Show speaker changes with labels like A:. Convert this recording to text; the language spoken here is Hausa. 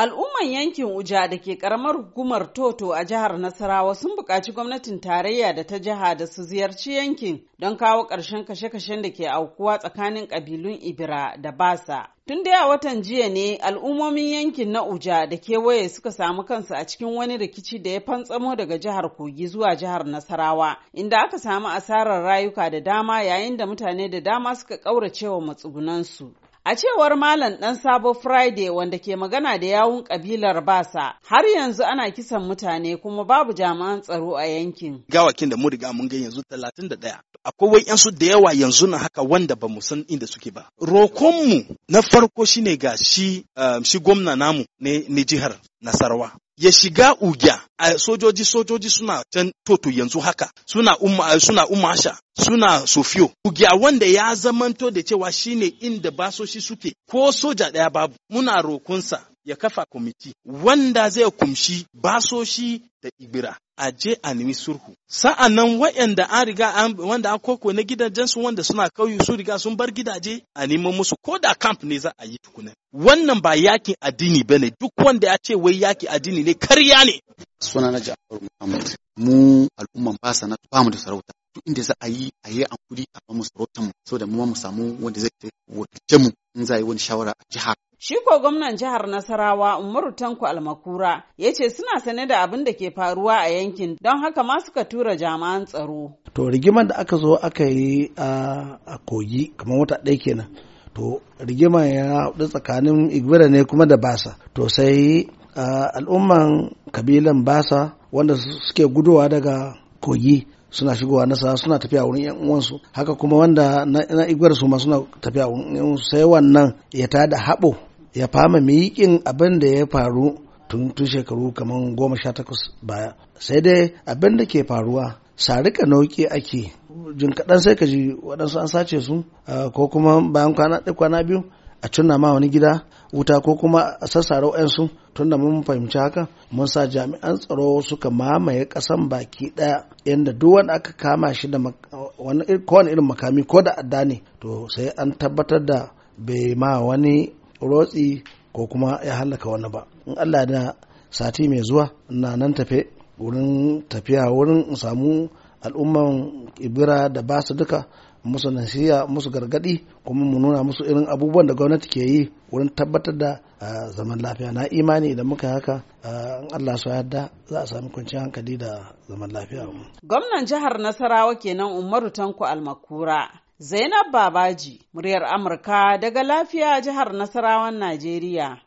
A: Al'umman yankin Uja da ke karamar hukumar Toto a jihar Nasarawa sun buƙaci gwamnatin tarayya da ta jiha da su ziyarci yankin don kawo ƙarshen kashe-kashen da ke aukuwa tsakanin ƙabilun Ibira da Basa. Tun da watan jiya ne al'ummomin yankin na Uja da kewaye suka samu kansu a cikin wani rikici da ya fantsamo daga jihar Kogi zuwa jihar Nasarawa, inda aka samu asarar rayuka da dama yayin da mutane da dama suka ƙaurace wa matsugunansu. A cewar Malam ɗan Sabo Friday wanda ke magana da yawun kabilar Basa, har yanzu ana kisan mutane kuma babu jami'an tsaro a yankin.
B: Gawakin da mu riga mun ga yanzu 31. Akwai wai yansu da yawa yanzu na haka wanda ba mu san inda suke ba. Rokonmu na farko shine ga shi eh, shi gwamna namu ne jihar Nasarawa. ya shiga ugya a sojoji sojoji suna can toto yanzu haka suna umma eh, suna umasha suna sofiyo ugya wanda ya zamanto da cewa shine inda basoshi suke ko soja daya babu muna rokunsa ya kafa kwamiti wanda zai kumshi basoshi da ibira a je a nemi sulhu sa'an nan waɗanda an riga wanda an koko na gidajensu wanda suna kauye su riga sun bar gidaje a neman musu ko da camp ne za a yi tukuna wannan ba yakin addini ba ne duk wanda ya ce wai yaki addini ne karya ne suna na Ja'far Muhammad mu al'umman basa na ba mu da sarauta duk inda za a yi a yi ankuri a ba mu sarautar mu saboda mu mu samu wanda zai wakilce mu in za a yi wani shawara a jiha
A: Shi ko gwamnan jihar Nasarawa Umaru Tanko Almakura ya ce suna sane da abin da ke faruwa a yankin don haka ma suka tura jama'an tsaro.
C: To rigimar da aka zo aka yi a kogi kamar wata ɗaya kenan. To rigima ya haɗu tsakanin igbira ne kuma da basa. To sai al'umman kabilan basa wanda suke gudowa daga kogi suna shigowa nasa suna tafiya wurin yan uwansu haka kuma wanda na igwar su ma suna tafiya wurin sai wannan ya tada haɓo ya fama miƙin abin da ya faru tun tun shekaru kamar goma sha takwas baya sai dai abin da ke faruwa sarika nauki ake jin kaɗan sai ka ji waɗansu an sace su ko kuma bayan kwana ɗaya kwana biyu a cunna ma wani gida wuta ko kuma a sassara wa'yansu da mun fahimci haka mun sa jami'an tsaro suka mamaye ƙasan baki ɗaya yadda duk wanda aka kama shi da wani irin makami ko da adda ne to sai an tabbatar da bai ma wani rotsi ko kuma ya hallaka wani ba in allah da sati mai zuwa na nan tafe wurin tafiya wurin samu al'umman ibira da ba su duka musu nasiya musu gargadi kuma mu nuna musu irin abubuwan da gwamnati ke yi wurin tabbatar da zaman lafiya na imani da muka haka in Allah su yadda za a sami kwanciyar hankali da zaman
A: lafiya gwamnan jihar nasarawa kenan umaru tanko almakura Zainab Babaji, muryar Amurka daga lafiya jihar Nasarawan Najeriya.